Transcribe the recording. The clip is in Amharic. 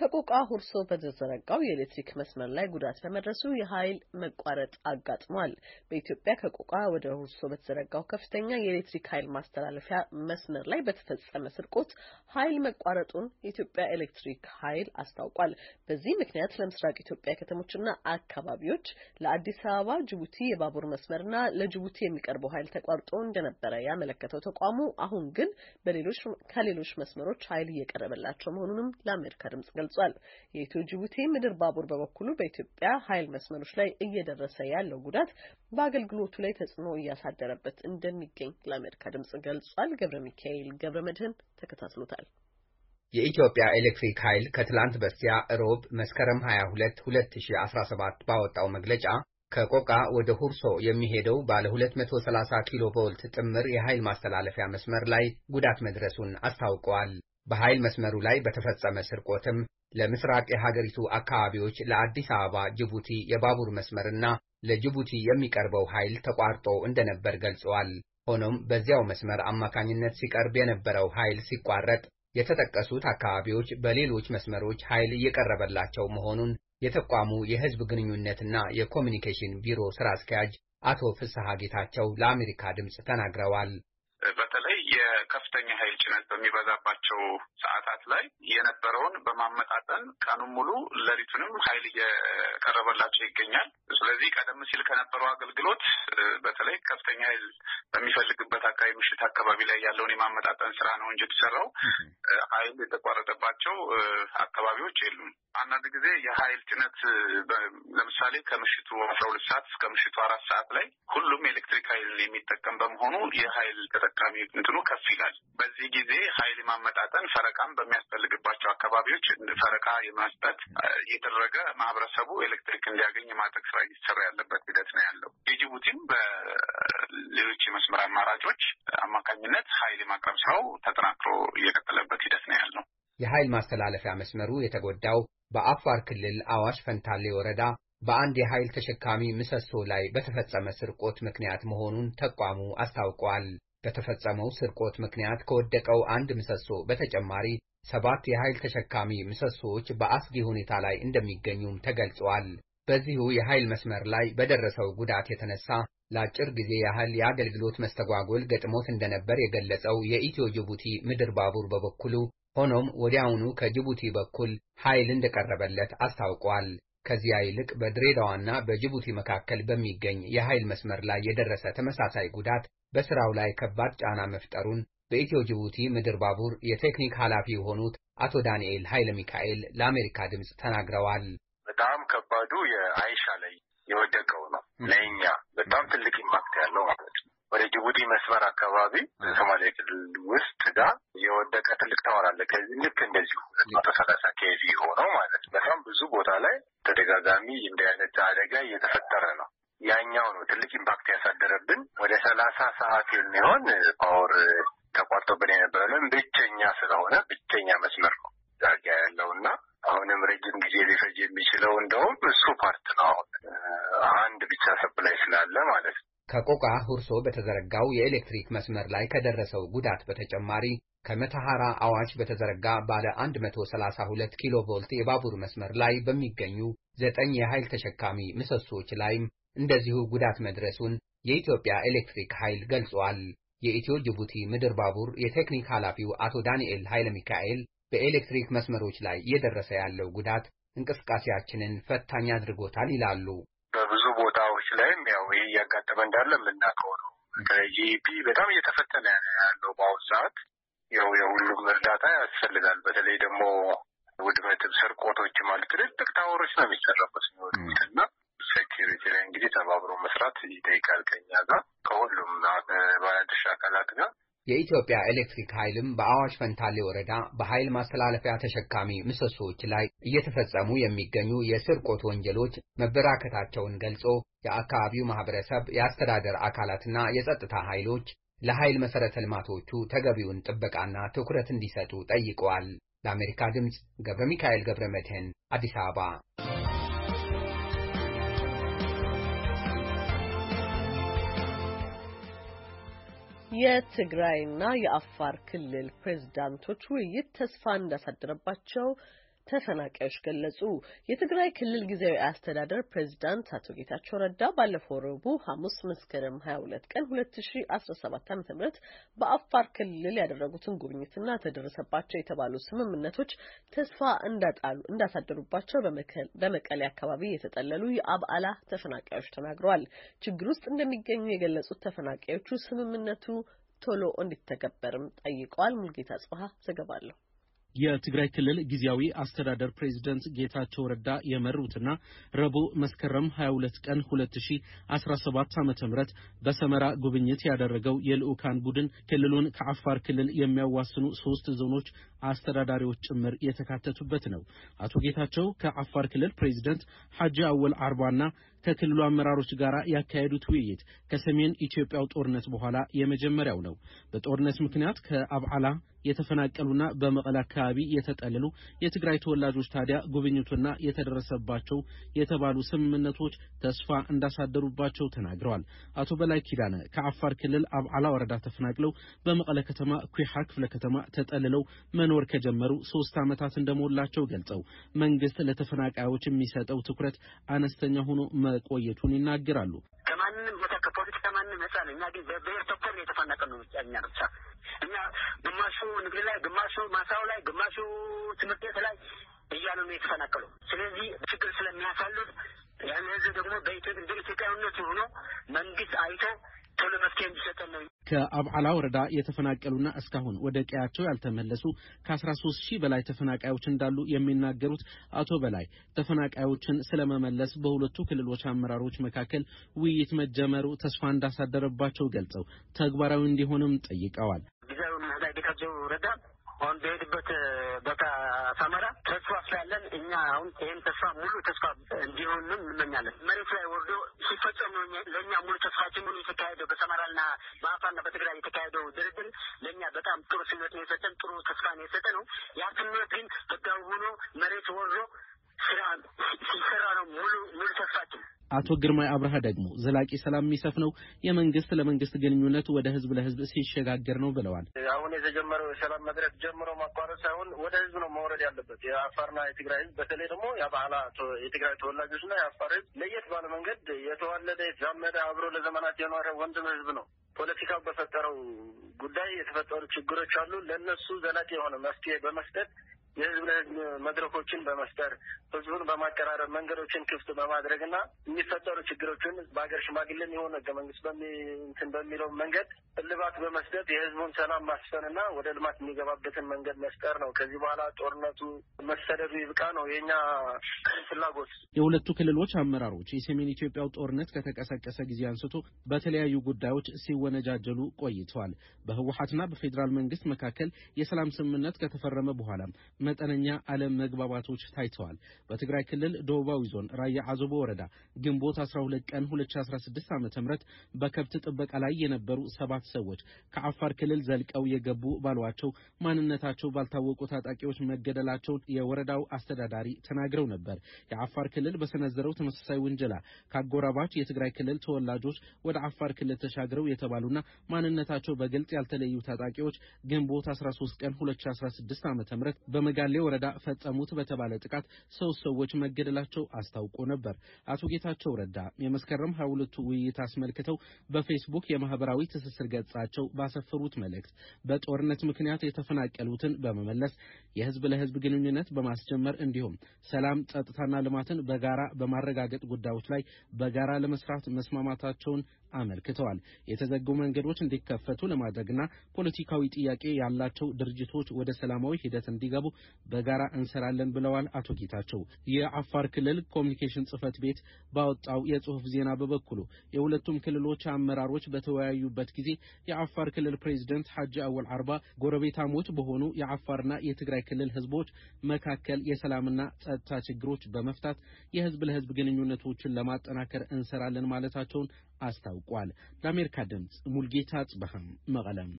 ከቆቃ ሁርሶ በተዘረጋው የኤሌክትሪክ መስመር ላይ ጉዳት በመድረሱ የኃይል መቋረጥ አጋጥሟል። በኢትዮጵያ ከቆቃ ወደ ሁርሶ በተዘረጋው ከፍተኛ የኤሌክትሪክ ኃይል ማስተላለፊያ መስመር ላይ በተፈጸመ ስርቆት ኃይል መቋረጡን የኢትዮጵያ ኤሌክትሪክ ኃይል አስታውቋል። በዚህ ምክንያት ለምስራቅ ኢትዮጵያ ከተሞችና አካባቢዎች ለአዲስ አበባ ጅቡቲ የባቡር መስመርና ለጅቡቲ የሚቀርበው ኃይል ተቋርጦ እንደነበረ ያመለከተው ተቋሙ አሁን ግን ከሌሎች መስመሮች ኃይል እየቀረበላቸው መሆኑንም ለአሜሪካ ድምጽ ገልጿል። የኢትዮ ጅቡቲ ምድር ባቡር በበኩሉ በኢትዮጵያ ኃይል መስመሮች ላይ እየደረሰ ያለው ጉዳት በአገልግሎቱ ላይ ተጽዕኖ እያሳደረበት እንደሚገኝ ለአሜሪካ ድምጽ ገልጿል። ገብረ ሚካኤል ገብረ መድህን ተከታትሎታል። የኢትዮጵያ ኤሌክትሪክ ኃይል ከትላንት በስቲያ ሮብ መስከረም 22 2017 ባወጣው መግለጫ ከቆቃ ወደ ሁርሶ የሚሄደው ባለ 230 ኪሎ ቮልት ጥምር የኃይል ማስተላለፊያ መስመር ላይ ጉዳት መድረሱን አስታውቀዋል። በኃይል መስመሩ ላይ በተፈጸመ ስርቆትም ለምስራቅ የሀገሪቱ አካባቢዎች ለአዲስ አበባ ጅቡቲ የባቡር መስመርና ለጅቡቲ የሚቀርበው ኃይል ተቋርጦ እንደነበር ገልጸዋል። ሆኖም በዚያው መስመር አማካኝነት ሲቀርብ የነበረው ኃይል ሲቋረጥ የተጠቀሱት አካባቢዎች በሌሎች መስመሮች ኃይል እየቀረበላቸው መሆኑን የተቋሙ የሕዝብ ግንኙነትና የኮሚኒኬሽን ቢሮ ስራ አስኪያጅ አቶ ፍስሐ ጌታቸው ለአሜሪካ ድምፅ ተናግረዋል። በተለይ የከፍተኛ ኃይል ጭነት በሚበዛባቸው ሰዓታት ላይ የነበረውን በማመጣጠን ቀኑን ሙሉ ሌሊቱንም ኃይል እየቀረበላቸው ይገኛል። ስለዚህ ቀደም ሲል ከነበረው አገልግሎት በተለይ ከፍተኛ ኃይል በሚፈልግበት አካባቢ ምሽት አካባቢ ላይ ያለውን የማመጣጠን ስራ ነው እንጂ የተሰራው ኃይል የተቋረጠባቸው አካባቢዎች የሉም። አንዳንድ ጊዜ የኃይል ጭነት ለምሳሌ ከምሽቱ አስራ ሁለት ሰዓት እስከ ምሽቱ አራት ሰዓት ላይ ሁሉም ኤሌክትሪክ ኃይል የሚጠቀም በመሆኑ የኃይል ተጠቃሚ እንትኑ ከፍ ይላል። በዚህ በዚህ ጊዜ ኃይል ማመጣጠን ፈረቃም በሚያስፈልግባቸው አካባቢዎች ፈረቃ የመስጠት እየተደረገ ማህበረሰቡ ኤሌክትሪክ እንዲያገኝ የማድረግ ስራ እየተሰራ ያለበት ሂደት ነው ያለው። የጅቡቲም በሌሎች የመስመር አማራጮች አማካኝነት ኃይል የማቅረብ ስራው ተጠናክሮ እየቀጠለበት ሂደት ነው ያለው። የኃይል ማስተላለፊያ መስመሩ የተጎዳው በአፋር ክልል አዋሽ ፈንታሌ ወረዳ በአንድ የኃይል ተሸካሚ ምሰሶ ላይ በተፈጸመ ስርቆት ምክንያት መሆኑን ተቋሙ አስታውቋል። በተፈጸመው ስርቆት ምክንያት ከወደቀው አንድ ምሰሶ በተጨማሪ ሰባት የኃይል ተሸካሚ ምሰሶዎች በአስጊ ሁኔታ ላይ እንደሚገኙም ተገልጿል። በዚሁ የኃይል መስመር ላይ በደረሰው ጉዳት የተነሳ ለአጭር ጊዜ ያህል የአገልግሎት መስተጓጎል ገጥሞት እንደነበር የገለጸው የኢትዮ ጅቡቲ ምድር ባቡር በበኩሉ ሆኖም ወዲያውኑ ከጅቡቲ በኩል ኃይል እንደቀረበለት አስታውቋል። ከዚያ ይልቅ በድሬዳዋና በጅቡቲ መካከል በሚገኝ የኃይል መስመር ላይ የደረሰ ተመሳሳይ ጉዳት በስራው ላይ ከባድ ጫና መፍጠሩን በኢትዮ ጅቡቲ ምድር ባቡር የቴክኒክ ኃላፊ የሆኑት አቶ ዳንኤል ኃይለ ሚካኤል ለአሜሪካ ድምፅ ተናግረዋል። በጣም ከባዱ የአይሻ ላይ የወደቀው ነው። ለእኛ በጣም ትልቅ ኢምፓክት ያለው ማለት ነው። ወደ ጅቡቲ መስመር አካባቢ ሶማሌ ክልል ውስጥ ጋር የወደቀ ትልቅ ታወር አለ። ልክ እንደዚሁ መቶ ሰላሳ ኬቪ ሆነው ማለት በጣም ብዙ ቦታ ላይ ተደጋጋሚ እንደ አይነት አደጋ እየተፈጠረ ነው። ያኛው ነው ትልቅ ኢምፓክት ያሳደረብን። ወደ ሰላሳ ሰዓት የሚሆን ፓወር ተቋርጦብን የነበረለን ብቸኛ ስለሆነ ብቸኛ መስመር ነው ዛጋ ያለው እና አሁንም ረጅም ጊዜ ሊፈጅ የሚችለው እንደውም እሱ ፓርት ነው። አሁን አንድ ብቻ ሰፕላይ ስላለ ማለት ነው። ከቆቃ ሁርሶ በተዘረጋው የኤሌክትሪክ መስመር ላይ ከደረሰው ጉዳት በተጨማሪ ከመተሐራ አዋሽ በተዘረጋ ባለ 132 ኪሎ ቮልት የባቡር መስመር ላይ በሚገኙ ዘጠኝ የኃይል ተሸካሚ ምሰሶች ላይም እንደዚሁ ጉዳት መድረሱን የኢትዮጵያ ኤሌክትሪክ ኃይል ገልጿል። የኢትዮ ጅቡቲ ምድር ባቡር የቴክኒክ ኃላፊው አቶ ዳንኤል ኃይለ ሚካኤል በኤሌክትሪክ መስመሮች ላይ እየደረሰ ያለው ጉዳት እንቅስቃሴያችንን ፈታኝ አድርጎታል ይላሉ። በብዙ ቦታዎች ላይም ያው ይህ እያጋጠመ እንዳለ የምናውቀው ነው። ከጂፒ በጣም እየተፈተነ ያለው በአሁኑ ሰዓት ያው የሁሉም እርዳታ ያስፈልጋል። በተለይ ደግሞ ውድመትም፣ ስርቆቶችም ማለት ትልልቅ ታወሮች ነው የሚሰራበት የሚወድሙት እና ሴኪሪቲ ላይ እንግዲህ ተባብሮ መስራት ይጠይቃል ከኛ ጋር ከሁሉም ባለድርሻ አካላት ጋር። የኢትዮጵያ ኤሌክትሪክ ኃይልም በአዋሽ ፈንታሌ ወረዳ በኃይል ማስተላለፊያ ተሸካሚ ምሰሶዎች ላይ እየተፈጸሙ የሚገኙ የስርቆት ወንጀሎች መበራከታቸውን ገልጾ የአካባቢው ማህበረሰብ የአስተዳደር አካላትና የጸጥታ ኃይሎች ለኃይል መሠረተ ልማቶቹ ተገቢውን ጥበቃና ትኩረት እንዲሰጡ ጠይቀዋል። ለአሜሪካ ድምፅ ገብረ ሚካኤል ገብረ መድህን አዲስ አበባ የትግራይና የአፋር ክልል ፕሬዝዳንቶች ውይይት ተስፋ እንዳሳደረባቸው ተፈናቃዮች ገለጹ። የትግራይ ክልል ጊዜያዊ አስተዳደር ፕሬዚዳንት አቶ ጌታቸው ረዳ ባለፈው ረቡዕ ሐሙስ መስከረም 22 ቀን 2017 ዓ.ም በአፋር ክልል ያደረጉትን ጉብኝትና ተደረሰባቸው የተባሉ ስምምነቶች ተስፋ እንዳጣሉ እንዳሳደሩባቸው በመቀሌ አካባቢ የተጠለሉ የአብዓላ ተፈናቃዮች ተናግረዋል። ችግር ውስጥ እንደሚገኙ የገለጹት ተፈናቃዮቹ ስምምነቱ ቶሎ እንዲተገበርም ጠይቀዋል። ሙልጌታ ጽሀ ዘገባለሁ የትግራይ ክልል ጊዜያዊ አስተዳደር ፕሬዚደንት ጌታቸው ረዳ የመሩትና ረቡዕ መስከረም 22 ቀን 2017 ዓ ም በሰመራ ጉብኝት ያደረገው የልዑካን ቡድን ክልሉን ከአፋር ክልል የሚያዋስኑ ሶስት ዞኖች አስተዳዳሪዎች ጭምር የተካተቱበት ነው። አቶ ጌታቸው ከአፋር ክልል ፕሬዚደንት ሐጂ አወል አርባና ከክልሉ አመራሮች ጋር ያካሄዱት ውይይት ከሰሜን ኢትዮጵያው ጦርነት በኋላ የመጀመሪያው ነው። በጦርነት ምክንያት ከአብዓላ የተፈናቀሉና በመቀለ አካባቢ የተጠለሉ የትግራይ ተወላጆች ታዲያ ጉብኝቱና የተደረሰባቸው የተባሉ ስምምነቶች ተስፋ እንዳሳደሩባቸው ተናግረዋል። አቶ በላይ ኪዳነ ከአፋር ክልል አብዓላ ወረዳ ተፈናቅለው በመቀለ ከተማ ኩሓ ክፍለ ከተማ ተጠልለው መኖር ከጀመሩ ሶስት ዓመታት እንደሞላቸው ገልጸው መንግስት ለተፈናቃዮች የሚሰጠው ትኩረት አነስተኛ ሆኖ መቆየቱን ይናገራሉ። ከማንም ቦታ ከፖለቲካ ማንም ነጻ ነው። እኛ ግን በብሔር ተኮር ነው የተፈናቀል ነው። እኛ ብቻ እኛ ግማሹ ንግድ ላይ፣ ግማሹ ማሳው ላይ፣ ግማሹ ትምህርት ቤት ላይ እያሉ ነው የተፈናቀሉ። ስለዚህ ችግር ስለሚያሳሉት ያን ህዝብ ደግሞ እንደ ሆኖ መንግስት አይቶ ቶሎ መፍትሄ እንዲሰጠን ነው። ከአብዓላ ወረዳ የተፈናቀሉና እስካሁን ወደ ቀያቸው ያልተመለሱ ከ13 ሺህ በላይ ተፈናቃዮች እንዳሉ የሚናገሩት አቶ በላይ ተፈናቃዮችን ስለመመለስ በሁለቱ ክልሎች አመራሮች መካከል ውይይት መጀመሩ ተስፋ እንዳሳደረባቸው ገልጸው ተግባራዊ እንዲሆንም ጠይቀዋል። ጊዜያዊ መስተዳድራቸው ረዳ አሁን በሄድበት በቃ ሰመራ እኛ አሁን ይህን ተስፋ ሙሉ ተስፋ እንዲሆንም እንመኛለን። መሬት ላይ ወርዶ ሲፈጸም ለእኛ ሙሉ ተስፋችን ሙሉ የተካሄደው በሰማራና በአፋርና በትግራይ የተካሄደው ድርድር ለእኛ በጣም ጥሩ ስሜት የሰጠን፣ ጥሩ ተስፋ ነው የሰጠ ነው። ያ ስሜት ግን ህጋዊ ሆኖ መሬት ወርዶ ስራ ሲሰራ ነው ሙሉ ሙሉ አቶ ግርማይ አብርሃ ደግሞ ዘላቂ ሰላም የሚሰፍነው የመንግስት ለመንግስት ግንኙነት ወደ ህዝብ ለህዝብ ሲሸጋገር ነው ብለዋል። አሁን የተጀመረው የሰላም መድረክ ጀምሮ ማቋረጥ ሳይሆን ወደ ህዝብ ነው መውረድ ያለበት። የአፋርና የትግራይ ህዝብ በተለይ ደግሞ የባህላ የትግራይ ተወላጆችና የአፋር ህዝብ ለየት ባለ መንገድ የተዋለደ የተዛመደ አብሮ ለዘመናት የኖረ ወንድም ህዝብ ነው። ፖለቲካው በፈጠረው ጉዳይ የተፈጠሩ ችግሮች አሉ። ለእነሱ ዘላቂ የሆነ መፍትሄ በመስጠት የህዝብ ለህዝብ መድረኮችን በመፍጠር ህዝቡን በማቀራረብ መንገዶችን ክፍት በማድረግ እና የሚፈጠሩ ችግሮችን በሀገር ሽማግሌም የሆነ ህገ መንግስት በሚንትን በሚለው መንገድ እልባት በመስጠት የህዝቡን ሰላም ማስፈን እና ወደ ልማት የሚገባበትን መንገድ መፍጠር ነው። ከዚህ በኋላ ጦርነቱ መሰደዱ ይብቃ ነው የኛ ፍላጎት። የሁለቱ ክልሎች አመራሮች የሰሜን ኢትዮጵያው ጦርነት ከተቀሰቀሰ ጊዜ አንስቶ በተለያዩ ጉዳዮች ሲወነጃጀሉ ቆይተዋል። በህወሀትና በፌዴራል መንግስት መካከል የሰላም ስምምነት ከተፈረመ በኋላ መጠነኛ መግባባቶች ታይተዋል። በትግራይ ክልል ደቡባዊ ዞን ራያ አዘቦ ወረዳ ግንቦት 12 ቀን 2016 ዓ.ም በከብት ጥበቃ ላይ የነበሩ ሰባት ሰዎች ከአፋር ክልል ዘልቀው የገቡ ባሏቸው ማንነታቸው ባልታወቁ ታጣቂዎች መገደላቸውን የወረዳው አስተዳዳሪ ተናግረው ነበር። የአፋር ክልል በሰነዘረው ተመሳሳይ ውንጀላ ከአጎራባች የትግራይ ክልል ተወላጆች ወደ አፋር ክልል ተሻግረው የተባሉና ማንነታቸው በግልጽ ያልተለዩ ታጣቂዎች ግንቦት 13 ቀን 2016 ዓ.ም ም በጋሌ ወረዳ ፈጸሙት በተባለ ጥቃት ሶስት ሰዎች መገደላቸው አስታውቆ ነበር። አቶ ጌታቸው ረዳ የመስከረም ሀያ ሁለቱ ውይይት አስመልክተው በፌስቡክ የማህበራዊ ትስስር ገጻቸው ባሰፈሩት መልእክት በጦርነት ምክንያት የተፈናቀሉትን በመመለስ የህዝብ ለህዝብ ግንኙነት በማስጀመር እንዲሁም ሰላም፣ ጸጥታና ልማትን በጋራ በማረጋገጥ ጉዳዮች ላይ በጋራ ለመስራት መስማማታቸውን አመልክተዋል። የተዘጉ መንገዶች እንዲከፈቱ ለማድረግና ፖለቲካዊ ጥያቄ ያላቸው ድርጅቶች ወደ ሰላማዊ ሂደት እንዲገቡ በጋራ እንሰራለን ብለዋል አቶ ጌታቸው። የአፋር ክልል ኮሚኒኬሽን ጽህፈት ቤት ባወጣው የጽሁፍ ዜና በበኩሉ የሁለቱም ክልሎች አመራሮች በተወያዩበት ጊዜ የአፋር ክልል ፕሬዚደንት ሐጂ አወል አርባ ጎረቤታሞች በሆኑ የአፋርና የትግራይ ክልል ህዝቦች መካከል የሰላምና ጸጥታ ችግሮች በመፍታት የህዝብ ለህዝብ ግንኙነቶችን ለማጠናከር እንሰራለን ማለታቸውን አስታውቋል። ለአሜሪካ ድምፅ ሙልጌታ ጽበሃም መቀለም